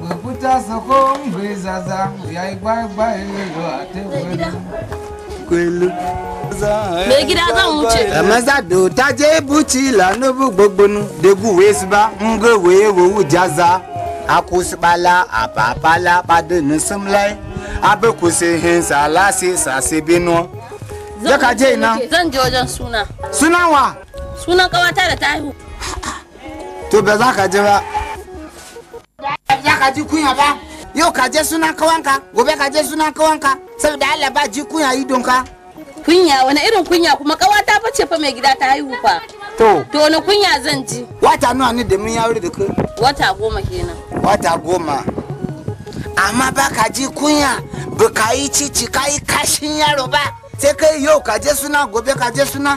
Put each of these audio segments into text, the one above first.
bukuta sako zaza ya Me gida Maza do ta je buci la nubu gbogbonu degu wesba ngo weye wowu jaza. Akusbala apapala padu nusumlai. Abekusi hinsa lasi sasi binu. Zaka je ina. wajen suna. Suna wa? suna kawata da ta To ba za ka je ba. ka ji kunya ba yau ka je sunan kawanka gobe ka je sunan kawanka saboda Allah ba ji kunya idon ka kunya wani irin kunya kuma kawata fa ce fa mai gida ta haihu fa to to wani kunya zan ji wata nawa ne da mun ya da kai wata goma kenan wata goma amma ba ka ji kunya ba ka yi cici ka yi kashin yaro ba sai kai yau ka je suna gobe ka je suna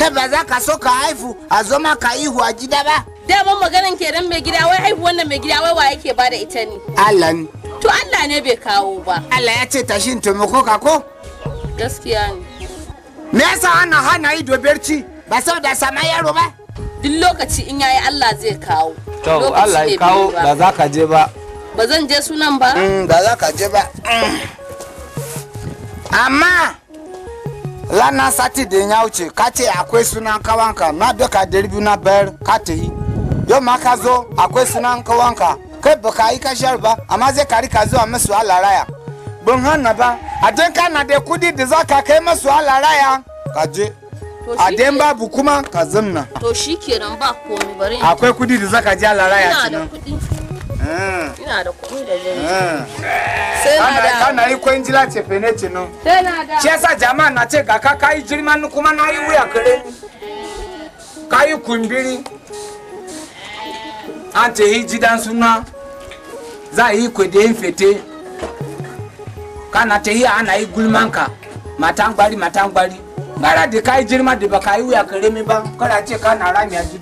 kai ba za ka so ka haifu a zoma ka ihu a gida ba daman maganan kenan mai gida wai haihuwan wannan mai gida wai wa yake bada ita ne allan to allah ne bai kawo ba allah ya ce tashin taimako ka ko gaskiya ne me yasa ana hana yi doberci ba da sama yaro ba duk lokaci in yayi allah zai kawo to allah ya kawo ba za ka je ba ba zan je sunan ba mm, ba za ka je ba mm. amma lana sati da ya wuce ka ce akwai sunan kawanka na doka da na bayar ka ta yi don ma ka zo akwai sunan kawanka kai ba ka yi kashar ba amma zai kari ka zuwa masu alaraya bin hanna ba a ka na da kudi da za ka kai masu alaraya ka je a den babu kuma ka zamna to shi kenan ba komi bari akwai kudi da za ka je alaraya kenan ina da kudi eh. ina da kudi da jini eh. kana yi kwan jila sai na da shi yasa jama'a na ce ga ka kai jirman kuma na yi wuya kare ka yi kumbiri an ce yi jidan suna za a yi kwadayin fete kana ta yi ana yi gulmanka matan gbari matan gbari gara da ka yi jirma da baka yi wuya karemi ba kada ce kana rami a